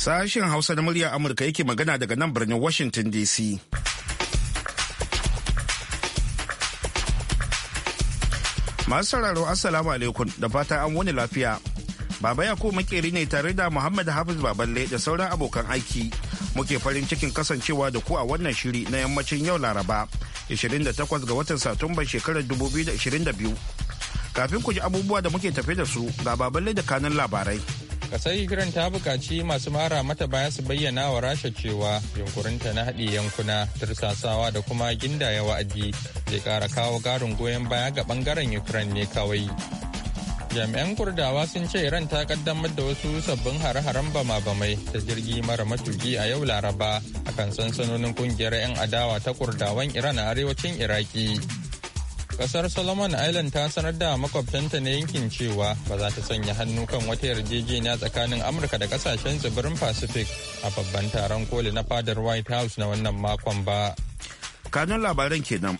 Sashen Hausa na murya Amurka yake magana daga nan birnin Washington DC. Masu sauraro Assalamu alaikum da fata an wani lafiya. Baba yakub makeri ne tare da Muhammad Hafiz Baballe da sauran abokan aiki. Muke farin cikin kasancewa da ku a wannan shiri na yammacin yau Laraba, 28 ga watan Satumban shekarar 2022. Kafin ku ji abubuwa da muke tafe da su, ga Baballe da kanan labarai. Kasar Ukraine ta bukaci masu mara mata baya su bayyana wa Rasha cewa yunkurinta na haɗe yankuna, tursasawa da kuma ginda ya wa'adi zai ƙara kawo garin goyon baya ga ɓangaren Ukraine ne kawai. Jami'an Kurdawa sun ce Iran ta kaddamar da wasu sabbin hare-haren bama-bamai ta jirgi mara matuki a yau Laraba akan sansanonin kungiyar 'yan adawa ta Kurdawan Iran a arewacin Iraki. Kasar Solomon Island ta sanar da makwabtanta na yankin cewa ba za ta sanya hannu kan wata yarjejeniya tsakanin Amurka da kasashen tsibirin Pacific a babban taron koli na fadar White House na wannan makon ba. Kanun labaran kenan.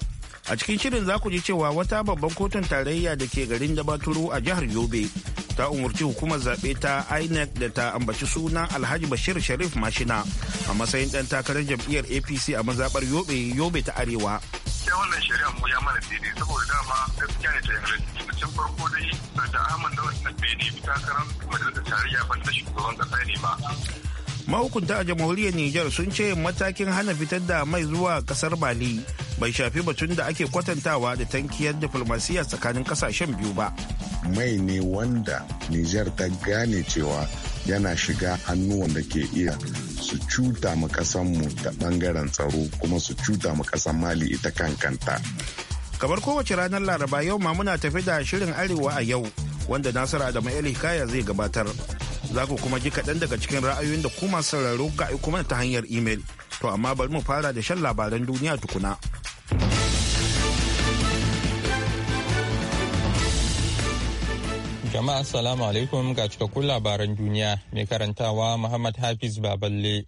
A cikin shirin za ku ji cewa wata babban kotun tarayya da ke garin baturu a jihar Yobe ta umarci hukumar zaɓe ta inec da ta ambaci suna alhaji bashir sharif mashina a matsayin ɗan takarar jam'iyyar apc a mazaɓar yobe yobe ta arewa sai wannan shari'a mu ya mana daidai saboda dama gaskiya ne ta da mutum farko dai da ta aman da wasu bai ne bi takarar majalisar tarayya ban da shugaban kasa ne ba mahukunta a jamhuriyar Nijar sun ce matakin hana fitar da mai zuwa kasar Mali bai shafi batun da ake kwatantawa da tankiyar diflomasiyya tsakanin kasashen biyu ba. Mai ne wanda Nijar ta gane cewa yana shiga hannuwan da ke iya su cuta mu mu ta bangaren tsaro kuma su cuta mu kasan mali ita kan kanta kamar kowace ranar laraba yau ma muna tafi da shirin arewa a yau wanda nasiru adamu eli kaya zai gabatar za ku kuma ji kaɗan daga cikin ra'ayoyin da kuma sauraro ga kuma ta hanyar imel to amma bari mu fara da shan labaran duniya tukuna. Jama'a Assalamu alaikum ga cikakkun labaran duniya mai karantawa Muhammad Hafiz Baballe.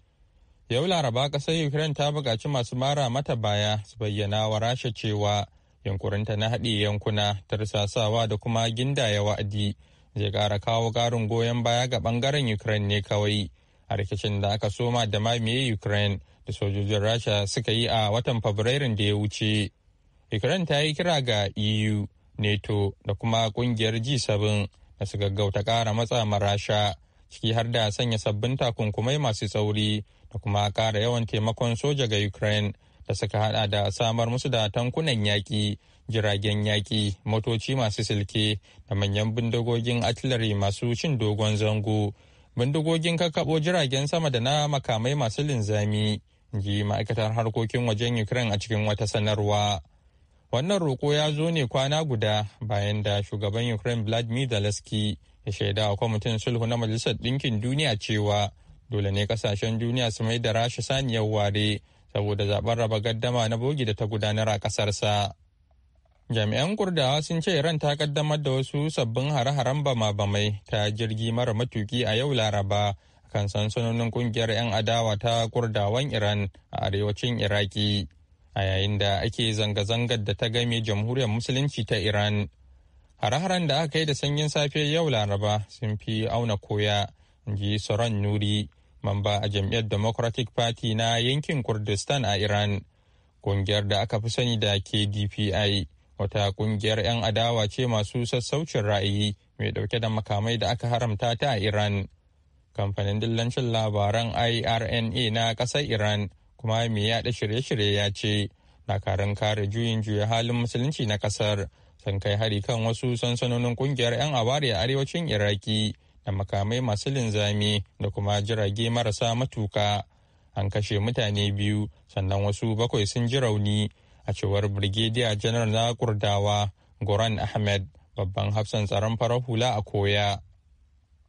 Yau Laraba ƙasar Ukraine ta buƙaci masu mara mata baya su bayyana wa Rasha cewa yankurinta na haɗe yankuna tarsasawa da kuma ginda ya wa'adi zai ƙara kawo garin goyon baya ga ɓangaren Ukraine ne kawai a rikicin da aka soma da mamaye Ukraine da sojojin Rasha suka yi a watan Fabrairun da ya wuce. Ukraine ta yi kira ga EU NATO da kuma kungiyar G7 da su gaggauta kara matsa rasha ciki har da sanya sabbin takunkumai masu tsauri da kuma kara yawan taimakon soja ga ukraine da suka hada da samar musu da tankunan yaƙi jiragen yaƙi motoci masu silke da manyan bindigogin artillery masu cin dogon zango bindigogin kakkaɓo jiragen sama da na makamai masu linzami ji ma'aikatar harkokin wajen ukraine a cikin wata sanarwa Wannan roko ya zo ne kwana guda bayan da shugaban Ukraine Vladimir Zelensky ya shaida wa kwamitin sulhu na Majalisar Ɗinkin Duniya cewa dole ne kasashen duniya su mai da rasha saniyar ware saboda zaben raba gaddama na bogi da ta gudanar a ƙasarsa. Jami'an Kurdawa sun ce Iran ta kaddamar da wasu sabbin hare-haren bama-bamai ta jirgi mara matuki a yau Laraba kan sansanonin kungiyar 'yan adawa ta Kurdawan Iran a arewacin Iraki. a yayin da ake zanga-zangar da ta game jamhuriyar musulunci ta iran hare-haren da aka yi da sanyin safe yau laraba sun fi auna koya ji soron nuri mamba a jam'iyyar democratic party na yankin kurdistan a iran kungiyar da aka fi sani da kdpi wata kungiyar 'yan adawa ce masu sassaucin ra'ayi mai dauke da makamai da aka haramta ta a iran kamfanin dillancin labaran irna na ƙasar iran kuma mai yaɗa shirye-shirye ya ce dakarun kare juyin juya halin musulunci na kasar sun kai hari kan wasu sansanonin kungiyar 'yan awari a arewacin iraki da makamai masu linzami da kuma jirage marasa matuka an kashe mutane biyu sannan wasu bakwai sun ji rauni a cewar brigadier Janar na kurdawa goran ahmed babban hafsan tsaron farar hula a koya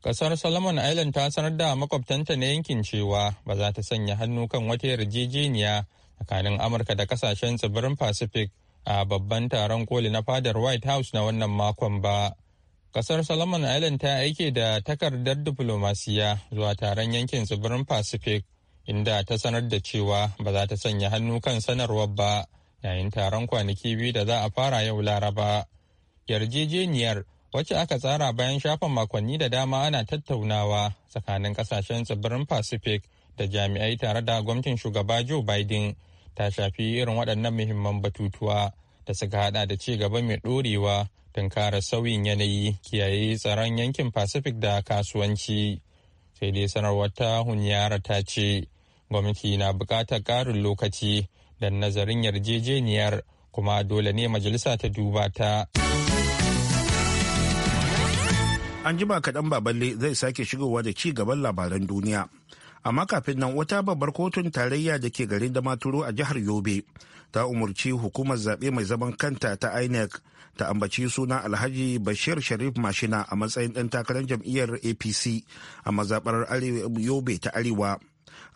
Kasar Solomon Island ta sanar da makwabtanta na yankin cewa ba za ta sanya hannu kan wata yarjejeniya tsakanin Amurka da kasashen tsibirin Pacific a babban taron koli na fadar White House na wannan makon ba. Kasar Solomon Island ta aike da takardar diplomasiya zuwa taron yankin tsibirin Pacific inda ta sanar da cewa ba za ta sanya hannu kan sanarwar ba yayin taron kwanaki biyu da za a fara yau Laraba. Yarjejeniyar wacce aka tsara bayan shafan makonni da dama ana tattaunawa tsakanin kasashen tsibirin pacific da jami'ai tare da gwamnatin shugaba joe biden ta shafi irin waɗannan muhimman batutuwa da suka hada da ci gaba mai ɗorewa tunkara sauyin yanayi kiyaye tsaron yankin pacific da kasuwanci sai dai sanarwar ta hunyara ta ce gwamnati na buƙatar ƙarin lokaci don nazarin yarjejeniyar kuma dole ne majalisa ta duba ta. An jima kaɗan baballe zai sake shigowa da ci gaban labaran duniya. Amma kafin nan wata babbar kotun tarayya da ke garin Damaturu a jihar Yobe ta umarci hukumar zaɓe mai zaman kanta ta INEC ta ambaci suna Alhaji Bashir Sharif Mashina a matsayin ɗan takarar jam'iyyar APC a mazaɓar Yobe ta Arewa.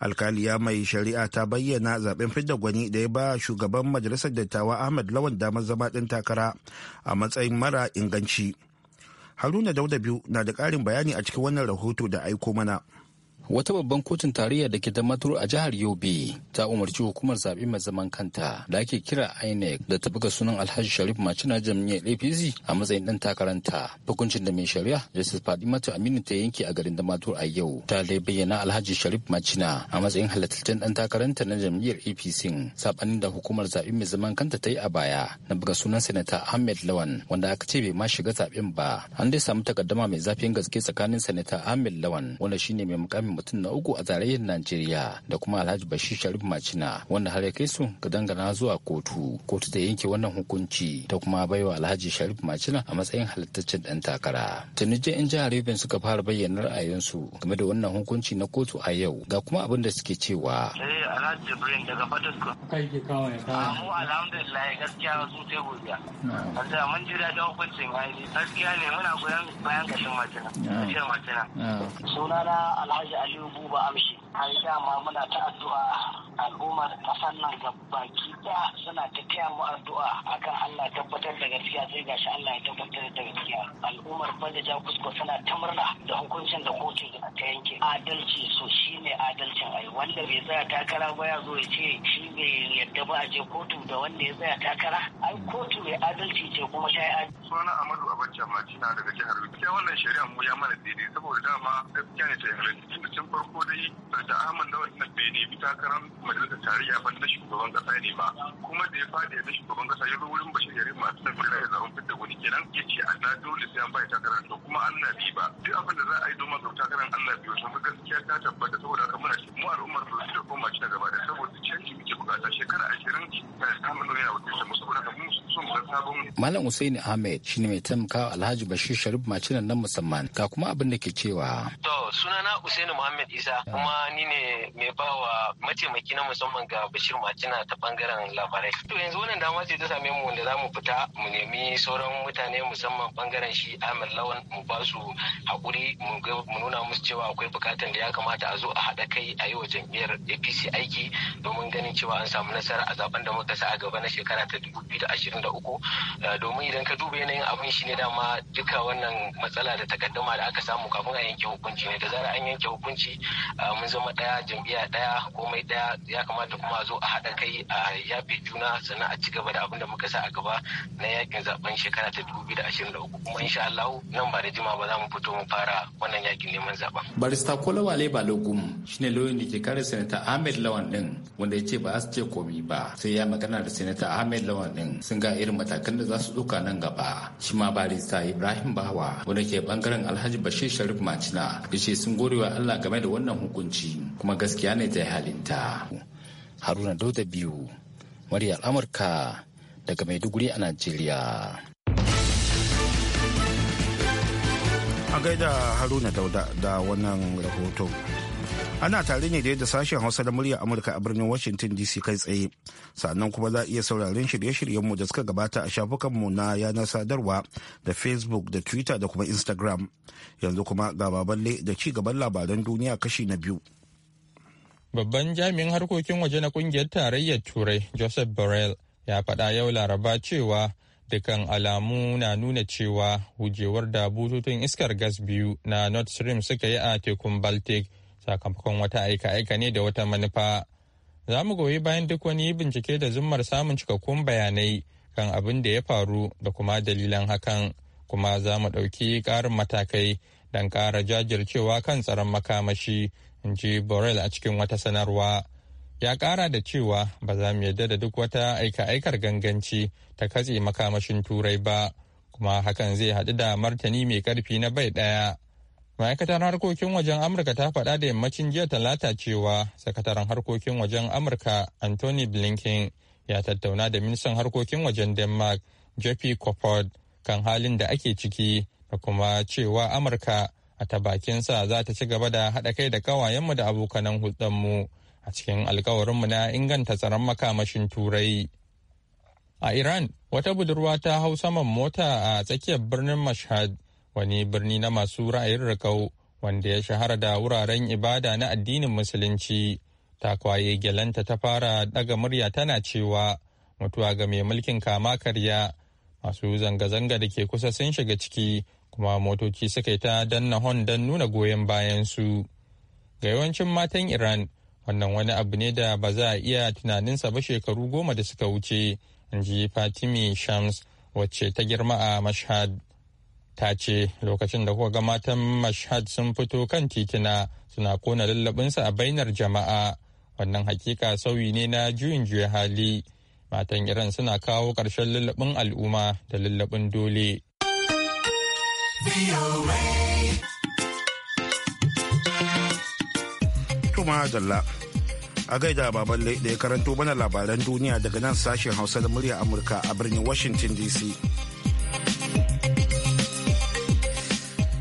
alkaliya mai shari'a ta bayyana zaɓen fidda gwani da ya ba shugaban majalisar dattawa ahmad lawan damar zama ɗan takara a matsayin mara inganci haruna dauda biyu na da ƙarin bayani a cikin wannan rahoto da aiko mana wata babban kotun tarayya da ke da a jihar yobe ta umarci hukumar zaɓe mai zaman kanta da ake kira inec da ta buga sunan alhaji sharif macina jam'iyyar apc a matsayin ɗan takaranta hukuncin da mai shari'a justice fadimatu aminu ta yanke a garin damatur a yau ta dai bayyana alhaji sharif macina a matsayin halattaccen ɗan takaranta na jam'iyyar apc saɓanin da hukumar zaɓe mai zaman kanta ta yi a baya na buga sunan sanata ahmed lawan wanda aka ce bai ma shiga zaɓen ba an dai samu takaddama mai zafin gaske tsakanin sanata ahmed lawan wanda shine mai mukamin mutum na uku a tarayyar Najeriya da kuma Alhaji Bashir Sharif Macina wanda har ya kai su ga dangana zuwa kotu. Kotu ta yanke wannan hukunci ta kuma baiwa Alhaji Sharif Macina a matsayin halittaccen dan takara. Tunijin 'yan jihar Yobin suka fara bayyana ra'ayinsu game da wannan hukunci na kotu a yau ga kuma abin da suke cewa. Eh Alhaji Jibrin daga Alhaji ayubu ba amshi ai dama muna ta addu'a al'ummar kasar nan baki ɗaya suna ta taya mu addu'a akan Allah tabbatar da gaskiya sai shi Allah ya tabbatar da gaskiya al'ummar bada ja kusko suna ta murna da hukuncin da kotu ta yanke adalci so shine adalcin ai wanda bai tsaya takara ba ya zo ya ce shi bai yadda ba a je kotu da wanda ya tsaya takara ai kotu mai adalci ce kuma ta yi adalci sunan Amadu Abacha Macina daga jihar Gaskiya wannan shari'a mu ya mana daidai saboda dama gaskiya ne ta yi tun farko dai da Ahmad Lawal na bai nemi takarar majalisar tarayya ba na shugaban kasa ne ba kuma da ya faɗi na shugaban kasa ya zo wurin bashir yare masu san birnin ya zaɓen fitar wani kenan ya ce a na dole sai an bai takarar to kuma an na ba duk abin da za a yi domin ga takarar an na biyu sun fi gaskiya ta tabbata saboda haka muna ce mu al'ummar da su da koma ci gaba da saboda canji muke bukata shekara ashirin ta samun yana wakilta mu saboda haka mu sun ga sabon. Malam Hussein Ahmed shi ne mai tamkawa Alhaji Bashir Sharif Macinan nan musamman ga kuma abin da ke cewa. To sunana Usaini Muhammad Isa ah. kuma ni ne mai ba wa mataimaki na musamman ga Bashir Macina ta bangaren labarai. To yanzu wannan dama ce ta same mu da za mu fita mu nemi sauran mutane musamman bangaren shi Ahmed Lawan mu ba su haƙuri mu nuna musu cewa akwai bukatan da ya kamata a zo a haɗa kai a yi wa jam'iyyar APC aiki domin ganin cewa an samu nasara a zaben da muka sa a gaba na shekara ta 2023 eh, domin idan ka duba yanayin abin shi ne dama duka wannan matsala da takaddama da aka samu kafin a yanke hukunci ne da zara an yanke hukunci eh, mun zama daya jam'iyya daya komai daya ya kamata kuma a zo a haɗa kai a yafe juna sannan a ci gaba da abin da muka sa a gaba na yakin zaben shekara ta 2023 kuma insha Allah nan ba da jima ba za mu fito mu fara wannan yakin neman zaben. Barista Kolawale Balogun, shine loyin da ke kare Sanata Ahmed Lawan din wanda ya ce ba a ce komi ba sai ya magana da Sanata Ahmed Lawan din sun ga irin matakan da za su ɗauka nan gaba. Shi ma barista Ibrahim bahawa wanda ke bangaren Alhaji Bashir Sharif Macina ya ce sun gorewa Allah game da wannan hukunci kuma gaskiya ne ta yi halinta. haruna dauda biyu muryar amurka daga maiduguri a najeriya a gaida haruna dauda da wannan rahoto ana tare ne da sashen hausa da murya amurka a birnin washington dc kai tsaye sannan kuma za a iya sauraron shirye-shiryenmu da suka gabata a shafukanmu na yanar sadarwa da facebook da twitter da kuma instagram yanzu kuma ga baballe da ci gaban labaran duniya kashi na biyu Babban jami'in harkokin waje na kungiyar tarayyar Turai Joseph Borrell ya faɗa yau Laraba cewa dukan alamu na nuna cewa wujewar da bututun iskar gas biyu na Nord Stream suka yi a tekun Baltic sakamakon wata aika-aika ne da wata manufa. Za mu goyi bayan duk wani bincike da zumar samun cikakkun bayanai kan abin da ya faru da kuma dalilan hakan, kuma za mu ɗauki ƙarin matakai don ƙara jajircewa kan tsaron makamashi in ji borel a cikin wata sanarwa ya kara da cewa ba za mu yadda da duk wata aika-aikar ganganci ta katse makamashin turai ba kuma hakan zai haɗu da martani mai karfi na bai ɗaya ma'aikatar harkokin wajen amurka ta faɗa da yammacin jiya talata cewa sakataren harkokin wajen amurka anthony blinken ya tattauna da ministan harkokin wajen denmark jeffy kofod kan halin da ake ciki da kuma cewa amurka a ta bakinsa za ta ci gaba da haɗa kai da ƙawayenmu da abokanan hulɗarmu a cikin alkawarinmu na inganta tsaron makamashin turai a iran wata budurwa ta hau saman mota a tsakiyar birnin mashhad wani birni na masu ra'ayin rikau wanda ya shahara da wuraren ibada na addinin musulunci ta kwaye gyalanta ta fara daga murya tana cewa mutuwa ga mai mulkin kama karya masu zanga-zanga da ke kusa sun shiga ciki kuma motoci suka yi ta danna hon don nuna goyon bayansu ga yawancin matan iran wannan wani abu ne da ba za a iya tunaninsa ba shekaru goma da suka wuce in ji fatimi shams wacce ta girma a mashhad ta ce lokacin da kuka ga matan mashhad sun fito kan titina suna kona lallabinsu a bainar jama'a wannan hakika sauyi ne na juyin juya hali matan iran suna kawo ƙarshen lallabin al'umma da lallabin dole Tuma Jalla. A gaida baballe da ya karanto mana labaran duniya daga nan sashen Hausa da murya Amurka a birnin Washington DC.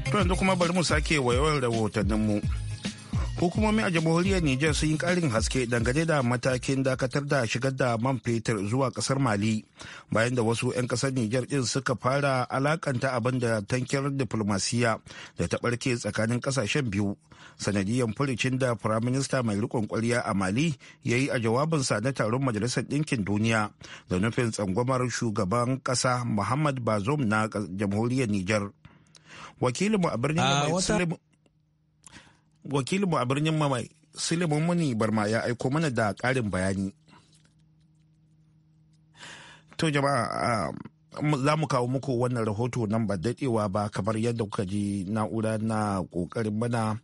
To yanzu kuma bari mu sake wayewar rahotanninmu. mu. hukumomi a jamhuriyar Nijar sun yi karin haske dangane da matakin dakatar da shigar da man fetur zuwa kasar Mali bayan da wasu 'yan kasar Nijar din suka fara alakanta abin da tankin diplomasiya da ta barke tsakanin kasashen biyu sanadiyar furicin da firaminista mai rikon kwarya a Mali ya yi a jawabinsa na taron majalisar ɗinkin duniya da nufin tsangwamar shugaban ƙasa Muhammad Bazoum na jamhuriyar Nijar. Wakilinmu a birnin Salim wakilinmu a birnin mamai silimin muni barma ya aiko mana da ƙarin bayani to jama'a um, za mu kawo muku wannan rahoto nan ba daɗewa ba kamar yadda kuka ji na'ura na ƙoƙarin mana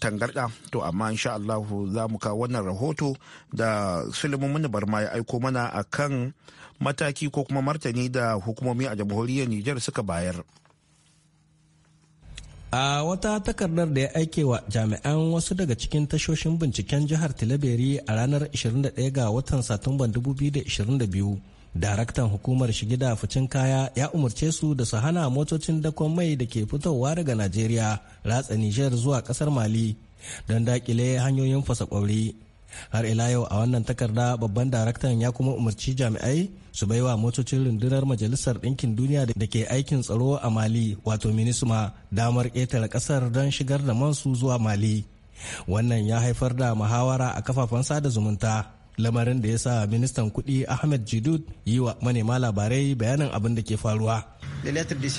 tangarɗa to amma insha Allah za mu kawo wannan rahoto da Suleiman Muni Barma ya aiko mana a kan mataki ko kuma martani da hukumomi a jamhuriyar Nijar suka bayar. a wata takardar da ya aike wa jami'an wasu daga cikin tashoshin binciken jihar tilaberi a ranar 21 ga watan satumban 2022 daraktan hukumar shige da ficin kaya ya umarce su da su hana motocin dakon mai da ke fitowa daga najeriya ratsa nijar zuwa kasar mali don dakile hanyoyin fasa kwauri har ila yau a wannan takarda babban daraktan ya kuma umarci jami'ai su baiwa motocin rundunar majalisar ɗinkin duniya da ke aikin tsaro a mali wato minisma damar ƙetare ƙasar don shigar da mansu zuwa mali wannan ya haifar da muhawara a kafafen sada zumunta lamarin da ya sa ministan kuɗi ahmed jidud yi wa manema labarai bayanin abin da ke faruwa les lettres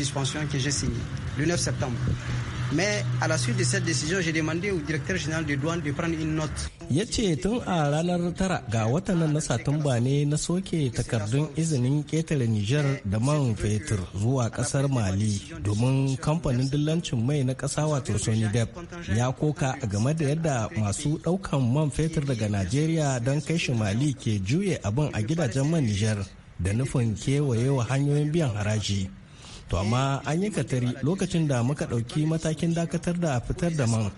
Mais à la suite de cette décision, j'ai demandé au directeur général des douanes de prendre une note. ya ce tun a ranar tara ga watan na satumba ne na soke takardun izinin ketare niger da man fetur zuwa kasar mali domin kamfanin dillancin mai na kasa wato deb ya koka game da yadda masu daukan man fetur daga nigeria don kai shi mali ke juye abin a gidajen man niger da nufin kewaye wa hanyoyin biyan haraji to amma an yi katari lokacin da muka ɗauki matakin dakatar da fitar da man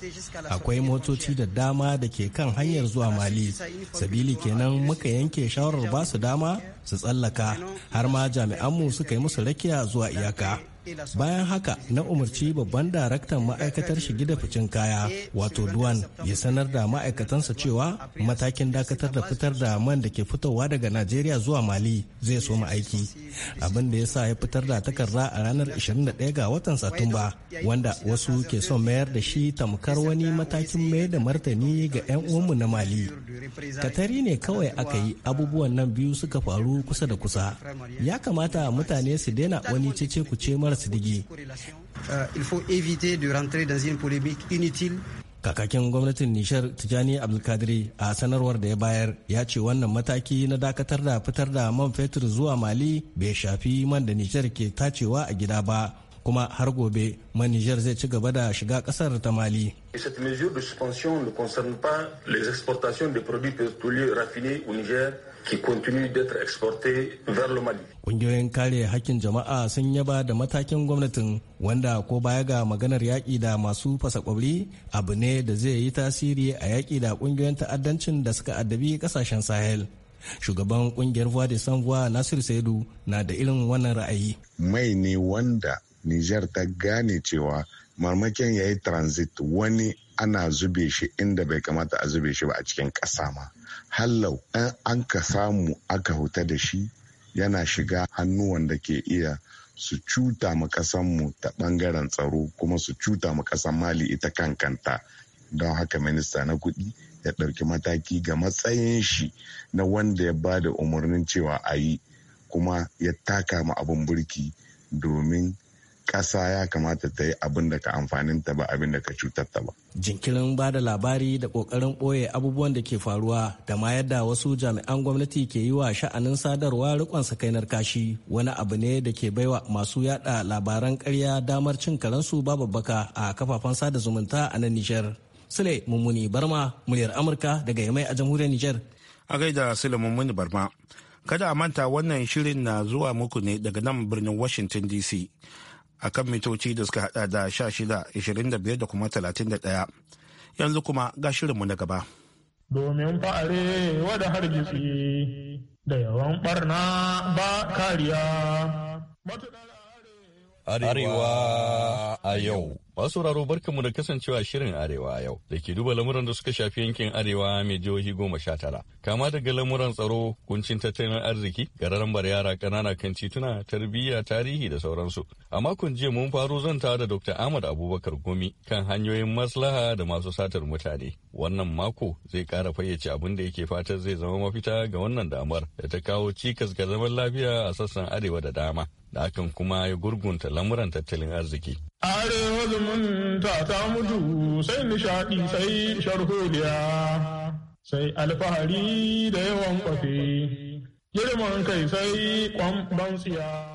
akwai motoci da dama da ke kan hanyar zuwa mali sabili kenan muka yanke shawarar ba su dama su tsallaka har ma jami'anmu suka yi musu rakiya zuwa iyaka bayan haka na umarci babban daraktan ma'aikatar shige da ficin kaya wato duwan ya sanar da ma'aikatansa cewa matakin dakatar da fitar da man da ke fitowa daga najeriya zuwa mali zai soma aiki abin da ya sa ya fitar da takarda a ranar 21 ga watan satumba wanda wasu ke son mayar da shi tamkar wani matakin mai da martani ga 'yan uwanmu na mali katari ne kawai aka yi abubuwan nan biyu suka faru kusa da kusa ya kamata mutane su daina wani cece ce mara Umar Sidigi. Euh, il faut éviter de rentrer dans une polémique inutile. Kakakin gwamnatin Nishar Tijani Abdulkadiri a sanarwar da ya bayar ya ce wannan mataki na dakatar da fitar da man fetur zuwa Mali bai shafi man da Nishar ke tacewa a gida ba kuma har gobe man Nijar zai ci gaba da shiga kasar ta Mali. Cette mesure de suspension ne concerne pas les exportations de produits pétroliers raffinés au Niger qui continue d'être exporté vers le Mali. Ƙungiyoyin kare hakkin jama'a sun yaba da matakin gwamnatin wanda ko baya ga maganar yaƙi da masu fasa ƙwabri abu ne da zai yi tasiri a yaƙi da ƙungiyoyin ta'addancin da suka addabi ƙasashen Sahel. Shugaban ƙungiyar Voix de Sans Voix Nasir Saidu na da irin wannan ra'ayi. Mai ne wanda Nijar ta gane cewa marmakin ya yi transit wani ana zube shi inda bai kamata a zube shi ba a cikin ƙasa ma. hallau in an ka samu aka huta da shi yana shiga hannuwan da ke iya su cuta mu mu ta ɓangaren tsaro kuma su cuta mu ƙasan mali ita kankanta don haka minista na kuɗi ya ɗauki mataki ga matsayin shi na wanda ya ba da umarnin cewa a yi kuma ya taka mu abin burki domin kasa ya kamata ta yi abin da ka amfanin ta ba abin da ka cutar ta ba. Jinkirin ba da labari da ƙoƙarin ɓoye abubuwan da ke faruwa da ma yadda wasu jami'an gwamnati ke yi wa sha'anin sadarwa rikon sakainar kashi wani abu ne da ke baiwa masu yada labaran karya damar cin karensu babu baka a kafafen sada zumunta a nan Nijar. Sule Mummuni Barma, muryar Amurka daga Yamai a jamhuriyar Nijar. A gaida Sule Mummuni Barma. Kada a manta wannan shirin na zuwa muku ne daga nan birnin Washington DC. a kan mitoci da suka hada da 16 25 da kuma 31 yanzu kuma ga shirinmu na gaba domin fa'are wada hargitsi da yawan barna ba kariya arewa a yau Masu sauraro barkanmu da kasancewa shirin Arewa a yau da ke duba lamuran da suka shafi yankin Arewa mai jihohi goma sha tara. Kama daga lamuran tsaro, kuncin tattalin arziki, gararambar yara ƙanana kan tituna, tarbiyya, tarihi da sauransu. A makon jiya mun faro zanta da Dr. Ahmad Abubakar Gumi kan hanyoyin maslaha da masu satar mutane. Wannan mako zai kara fayyace abin da yake fatan zai zama mafita ga wannan damar da ta kawo cikas ga zaman lafiya a sassan Arewa da dama. da hakan kuma ya gurgunta lamuran tattalin arziki. Arewa zumunta ta mutu sai nishaɗi sai sharholiya sai alfahari da yawan kwafe girman kai sai kwamban tsiya.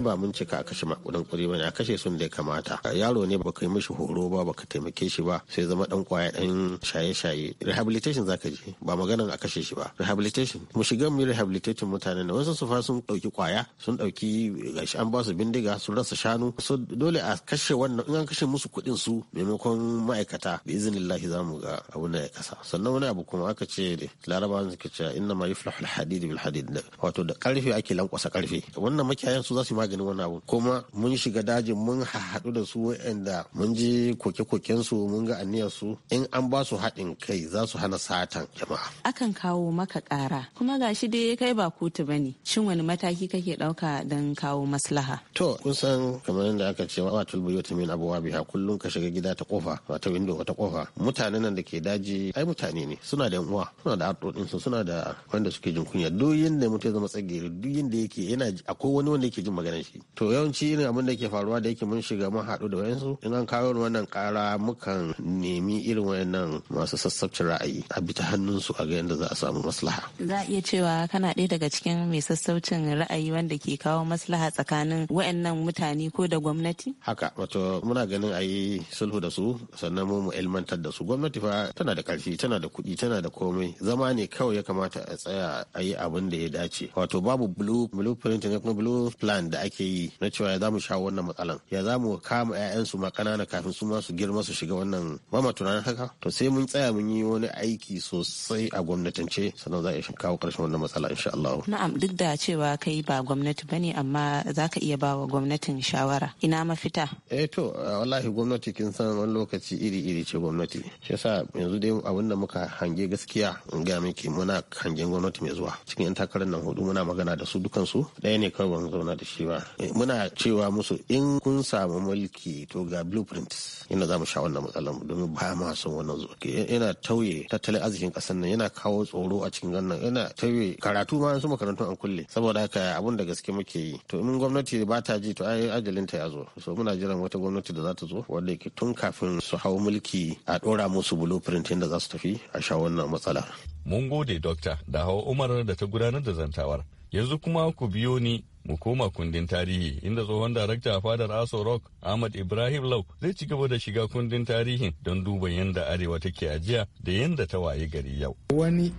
ba mun cika a kashe makudan kuɗi bane a kashe sun da ya kamata yaro ne baka yi mishi horo ba baka taimake shi ba sai zama dan kwaya dan shaye-shaye rehabilitation zaka je ba maganan a kashe shi ba rehabilitation mu shiga mu rehabilitation mutanen da wasu su fa sun dauki kwaya sun dauki gashi an ba su bindiga sun rasa shanu so dole a kashe wannan in an kashe musu kuɗin su maimakon ma'aikata bi iznillahi mu ga abun da ya kasa sannan wani abu kuma aka ce laraba suka ce inna ma yuflahul hadid bil hadid wato da karfe ake lankwasa karfe wannan makiyayan su za su yi maganin wani abu kuma mun shiga dajin mun haɗu da su wa'anda mun ji koke-koken su mun ga aniyar su in an ba su haɗin kai za su hana satan jama'a akan kawo maka ƙara kuma gashi dai kai ba kotu ba ne. shin wani mataki kake ɗauka don kawo maslaha to kun san kamar yadda aka ce wa tulbu ta min abuwa biha kullum ka shiga gida ta kofa wata windo wata kofa mutanen nan da ke daji ai mutane ne suna da uwa suna da arɗoɗin su suna da wanda suke jin kunya duk yanda mutum ya zama tsagiri duk da yake yana akwai wani wanda yake jin magana maganin shi to yawanci irin abin da ke faruwa da yake mun shiga mun haɗu da wayansu in an kawo wannan ƙara mukan nemi irin wayannan masu sassabcin ra'ayi a bi ta hannunsu a ga yadda za a samu maslaha za a iya cewa kana ɗaya daga cikin mai sassaucin ra'ayi wanda ke kawo maslaha tsakanin wayannan mutane ko da gwamnati haka wato muna ganin a yi sulhu da su sannan mu mu ilmantar da su gwamnati fa tana da ƙarfi tana da kuɗi tana da komai zama ne kawai ya kamata a tsaya a yi abin da ya dace wato babu blue blueprint ne kuma blue plan da ake yi na cewa ya zamu shawo wannan matsalan ya zamu kama ƴaƴansu ma ƙanana kafin su ma su girma su shiga wannan mama tunanin haka to sai mun tsaya mun yi wani aiki sosai a gwamnatance sannan za a kawo ƙarshen wannan matsala insha Allah na'am duk da cewa kai ba gwamnati bane amma za ka iya ba wa gwamnatin shawara ina mafita eh to wallahi gwamnati kin san wani lokaci iri iri ce gwamnati shi yasa yanzu dai abin da muka hange gaskiya in ga miki muna hangen gwamnati mai zuwa cikin yan takarar nan hudu muna magana da su dukansu ɗaya ne kawai ban zauna da shi ba Eh, muna cewa musu in kun samu mulki to ga blueprint yana za mu sha wannan matsalar mu domin ba ma son wannan zuwa. Eh, yana tauye tattalin arzikin kasar nan yana kawo tsoro a cikin gannan yana tauye karatu ma su makarantun an kulle saboda haka abun da gaske muke yi to in gwamnati ba ta ji to ai ta ya zo so muna jiran wata gwamnati da za ta zo wanda yake tun kafin su hau mulki a dora musu blueprint inda za su tafi a sha wannan matsala. Mun gode, Dokta, da hawa Umar da ta gudanar da zantawar. yanzu kuma ku biyo ni mu koma kundin tarihi inda tsohon darakta fadar aso rock ahmad ibrahim lau zai ci gaba da shiga kundin tarihin don duba yadda arewa take ajiya da yadda ta waye gari yau wani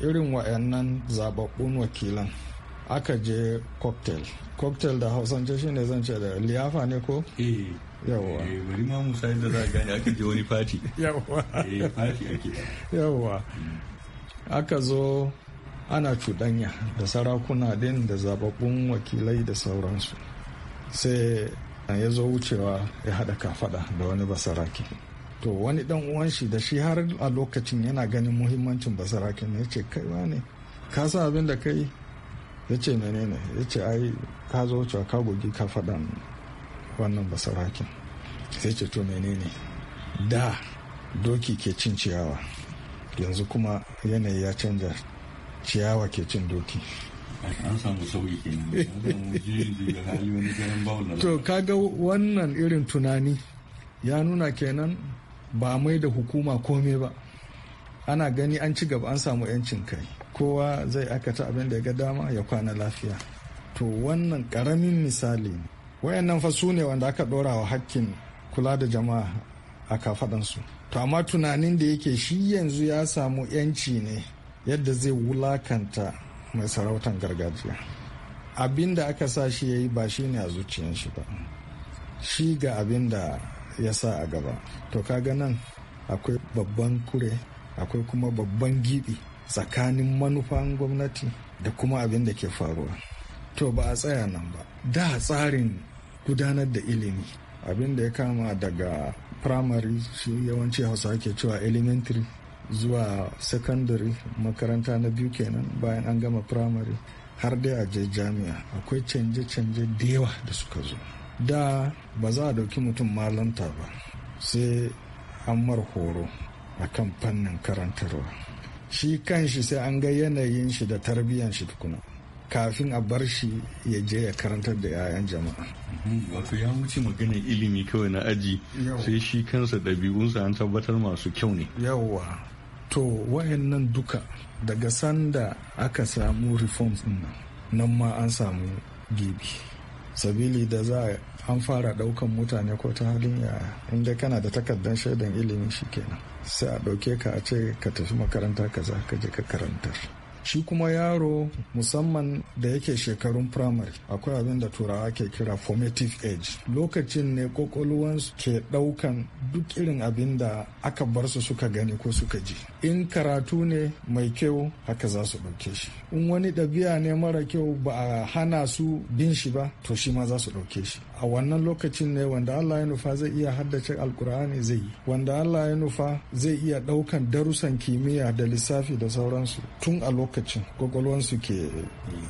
irin wayannan zababbun wakilan aka je cocktail cocktail da hausance shine zan ce da liyafa ne ko eh, eh, yawwa bari ma musa yadda za aka je wani party yawwa eh, yawwa mm. aka zo ana cuɗanya da sarakuna din da zababbun wakilai da sauransu sai ya zo wucewa ya haɗa kafaɗa da wani basarake to wani dan uwan shi da shi har a lokacin yana ganin muhimmancin basarake ne ce kai ne ka sa abin da kai ya ce menene ya ce ai ka zo wucewa ka gogi kafaɗan wannan basarake sai ce to menene da doki ke cin ciyawa yanzu kuma yanayi ya canja ciyawa ke cin doki an samu sauyi kenan to kaga wannan irin tunani ya nuna kenan ba mai da hukuma kome ba ana gani an ci gaba an samu yancin kai kowa zai aikata abin da ya ga dama ya kwana lafiya to wannan karamin misali ne. wayannan fa su ne wanda aka dora wa hakkin kula da jama'a a kafadansu to amma tunanin da yake shi yanzu ya samu yanci ne yadda zai wulakanta mai sarautan gargajiya abin da aka sa shi ya yi ba shi ne a zuciyar shi ba shi ga abin da ya sa a gaba to kaga nan akwai babban kure akwai kuma babban gidi, tsakanin manufan gwamnati da kuma abin da ke faruwa to ba a tsaya nan ba da tsarin gudanar da ilimi abin da ya kama daga primary shi yawanci hausa ke cewa elementary zuwa secondary makaranta na biyu kenan bayan an gama primary har dai a je jami'a akwai canje-canje da yawa da suka zo da ba za a dauki mutum malanta ba sai an mar horo a kan fannin karantarwa shi kanshi sai an ga yanayin shi da tarbiyyan shi tukuna kafin a bar shi ya je ya karantar da 'ya'yan jama'a. Mhm, wato ya wuce magana ilimi kawai na aji sai shi kansa ɗabi'unsa an tabbatar masu kyau ne yawwa to wayannan duka daga sanda aka samu reforms nan nan ma an samu gibi sabili da za an fara daukan mutane ko ta halin ya inda kana da takardar shaidan ilimi shikenan sai a dauke ka a ce ka tafi makaranta kaza ka je ka karantar shi kuma yaro musamman da yake shekarun primary akwai abin da turawa ke kira formative age lokacin ne kwakwalwansu ke daukan duk irin abin da aka bar su suka gani ko suka ji in karatu ne mai kyau haka za su ɗauke shi in wani ɗabi'a ne mara kyau ba a hana su bin shi ba to shi ma za su ɗauke shi a wannan lokacin ne wanda Allah ya nufa zai iya haddace alkur'ani zai yi wanda Allah ya nufa zai iya daukan darussan kimiyya da lissafi da sauransu tun a lokacin gwagwalwansu ke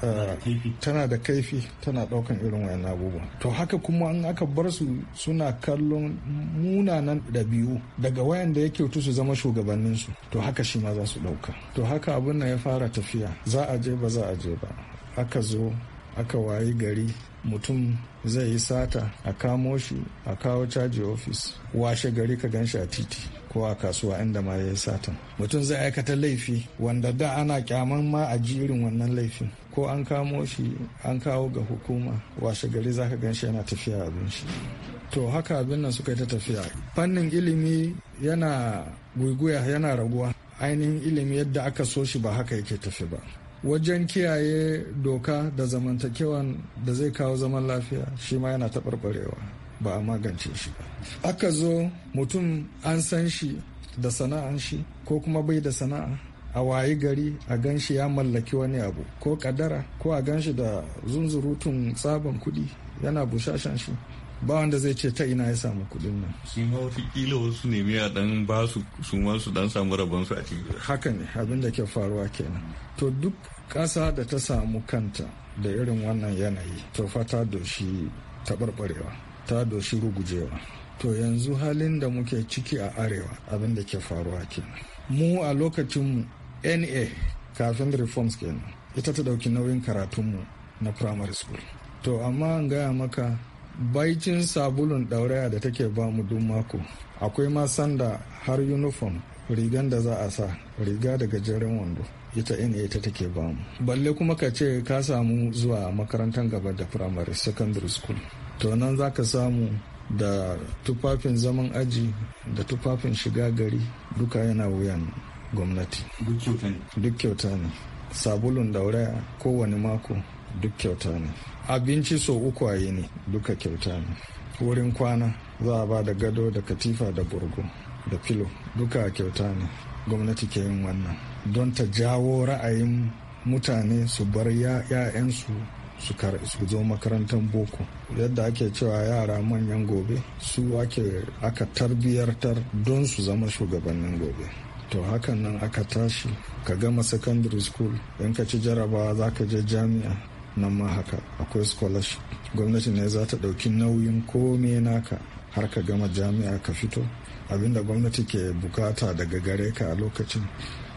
eh, tana da kaifi tana daukan irin wayan abubuwa to haka kuma in aka bar su suna kallon munanan ɗabi'u daga wayan da ya kyautu su zama shugabanninsu to haka shi ma za su dauka to haka abin nan ya fara tafiya za a je ba za a je ba aka zo aka wayi gari mutum zai yi sata a kamo shi a kawo caji ofis washe gari ka gan shi a titi ko a kasuwa inda ma ya yi satan mutum zai aikata laifi wanda da ana kyaman ma a jirin wannan laifin ko an kamo shi an kawo ga hukuma washe gari za ka gan shi yana tafiya abin shi to haka abin nan suka yi ta tafiya fannin ilimi yana guguya yana raguwa ainihin ilimi yadda aka so shi ba haka yake tafi ba wajen kiyaye doka da zamantakewan da zai kawo zaman lafiya shi ma yana taɓarɓarewa ba a magance shi ba aka zo mutum an san shi da sana'an shi ko kuma bai da sana'a a wayi gari a gan shi ya mallaki wani abu ko kadara ko a gan shi da zunzurutun tsaban kudi yana bushashen shi ba wanda zai ce ta ina ya samu kuɗin nan su ma watakila wasu ne a dan ba su su ma su dan samu rabon su a cikin haka ne abin da ke faruwa kenan to duk ƙasa da ta samu kanta da irin wannan yanayi to fa ta doshi taɓarɓarewa ta doshi rugujewa to yanzu halin da muke ciki a arewa abin da ke faruwa kenan mu a lokacin na kafin reforms kenan ita ta ɗauki nauyin karatunmu na primary school to amma gaya maka baicin sabulun ɗauraya da take ba mu duk mako akwai ma sanda har uniform rigan da za a sa riga da gajeren wando ita ina ita take ba mu balle kuma ka ce ka samu zuwa makarantar gaba da primary secondary school to nan za ka samu da tufafin zaman aji da tufafin shiga gari duka yana wuyan gwamnati duk kyauta ne sabulun ɗauraya kowane mako duk kyauta ne abinci so uku a ne duka kyauta ne wurin kwana za a ba da gado da katifa da burgo da filo duka kyauta ne gwamnati ke yin wannan don ta jawo ra'ayin mutane su bar ya'yansu su zo makarantar boko yadda ake cewa yara manyan gobe su ake aka tarbiyartar don su zama shugabannin gobe to hakan nan aka tashi ka gama secondary school in ka ci jarabawa za ka je jami'a nan ma haka akwai scholarship gwamnati ne za ta ɗauki nauyin kome naka har ka gama jami'a ka fito abinda gwamnati ke bukata daga gare ka a lokacin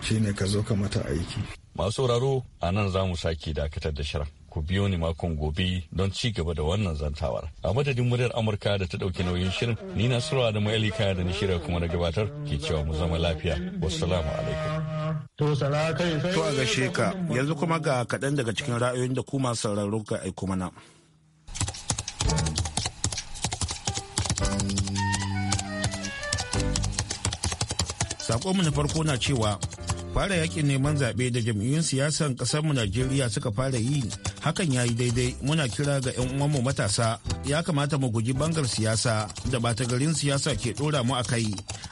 shine ka zo ka mata aiki masu sauraro a nan za mu sake dakatar da shirin ku biyo ni makon gobe don ci gaba da wannan zantawar a madadin muryar amurka da ta ɗauki nauyin shirin ni na surawa da mai kaya da na shirya kuma na gabatar ke cewa mu zama lafiya wassalamu alaikum To sana sai. To a gashe ka yanzu kuma ga kaɗan daga cikin ra'ayoyin da kuma sauraro ka aiko mana. Sakonmu na farko na cewa fara yakin neman zaɓe da jam'iyyun siyasan ƙasarmu Najeriya suka fara yi hakan ya yi daidai muna kira ga 'yan uwanmu matasa ya kamata mu guji bangar siyasa da bata garin siyasa ke ɗora mu a kai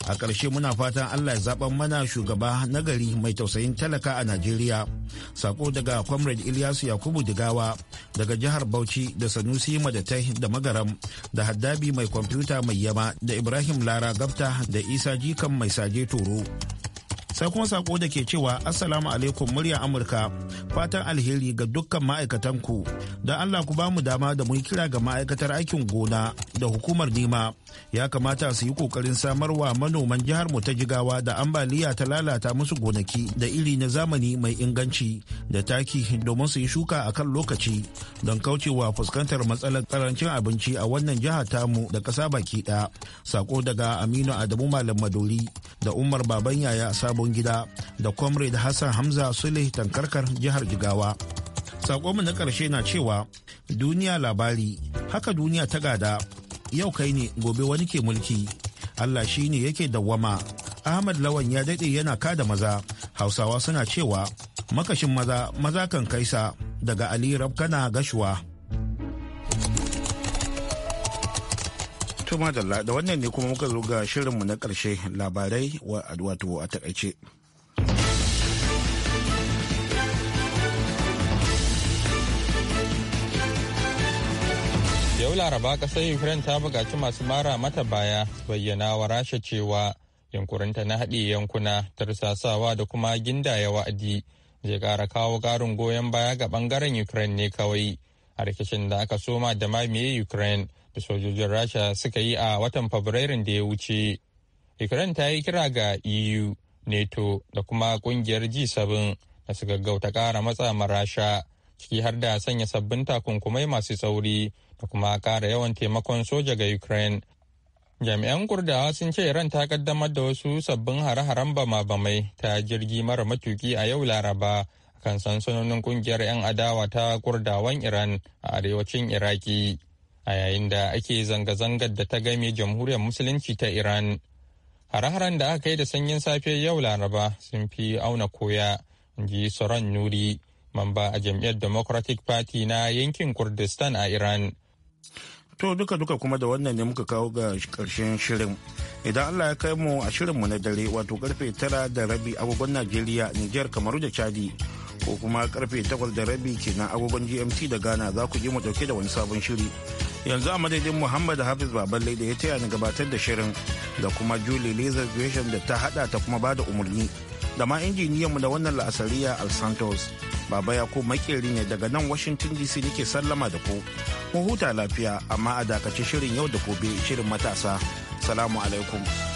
a ƙarshe muna fatan allah ya zaɓan mana shugaba nagari mai tausayin talaka a najeriya sako daga comrade ilyasu yakubu digawa daga jihar bauchi da sanusi madatai da magaram da haddabi mai kwamfuta mai yama da ibrahim lara gafta da isa jikan mai saje toro sai kuma sako da ke cewa assalamu alaikum murya amurka fatan alheri ga dukkan ma'aikatan ku don allah ku bamu dama da mu kira ga ma'aikatar aikin gona da hukumar nema ya kamata su yi kokarin samarwa manoman jihar mu ta jigawa da ambaliya ta lalata musu gonaki da iri na zamani mai inganci da taki domin su yi shuka a kan lokaci don kaucewa fuskantar matsalar karancin abinci a wannan jiha tamu da ƙasa baki ɗaya sako daga aminu adamu malam madori da umar baban yaya sabon gida da Comrade Hassan Hamza Sule Tankarkar jihar Jigawa. mu na karshe na cewa duniya labari haka duniya ta gada yau kai ne gobe wani ke mulki Allah shi ne yake dawwama Ahmad Lawan ya daɗe yana kada maza Hausawa suna cewa makashin maza maza kan kaisa daga Ali Rabkana Gashuwa. To madalla da wannan ne kuma muka zo ga shirinmu na karshe labarai wato a takaice. Yau Laraba ƙasar Ukraine ta buƙaci masu mara mata baya bayyana wa Rasha cewa yankurinta na haɗe yankuna tarsasawa da kuma ginda ya wa'adi zai ƙara kawo garin goyon baya ga ɓangaren Ukraine ne kawai a rikicin da aka soma da mamaye Ukraine da sojojin rasha suka yi a watan fabrairun da ya wuce ukraine ta yi kira ga eu nato da kuma kungiyar g7 da su gaggauta kara matsa ma rasha ciki har da sanya sabbin takunkumai masu sauri da kuma kara yawan taimakon soja ga ukraine jami'an kurdawa sun ce iran ta kaddamar da wasu sabbin hare-haren bama-bamai ta jirgi mara matuki a yau laraba kan sansanonin kungiyar 'yan adawa ta kurdawan iran a arewacin iraki a yayin da ake zanga-zangar da ta game jamhuriyar musulunci ta iran hare-haren da aka yi da sanyin safe yau laraba sun fi auna koya ji soron nuri mamba a jam'iyyar democratic party na yankin kurdistan a iran to duka-duka kuma da wannan ne muka kawo ga karshen shirin idan allah ya kai mu a shirinmu na dare wato karfe tara da rabi agogon najeriya niger kamaru da chadi ko kuma karfe 8 da rabi kenan agogon gmt da ghana za ku je mu dauke da wani sabon shiri yanzu a madadin muhammad hafiz baballe da ya taya ni gabatar da shirin da kuma julie laser vision da ta hada ta kuma bada umarni da ma mu da wannan la'asariya al santos baba ya ko makeri ne daga nan washington dc nake sallama da ku mu huta lafiya amma a dakace shirin yau da gobe shirin matasa salamu alaikum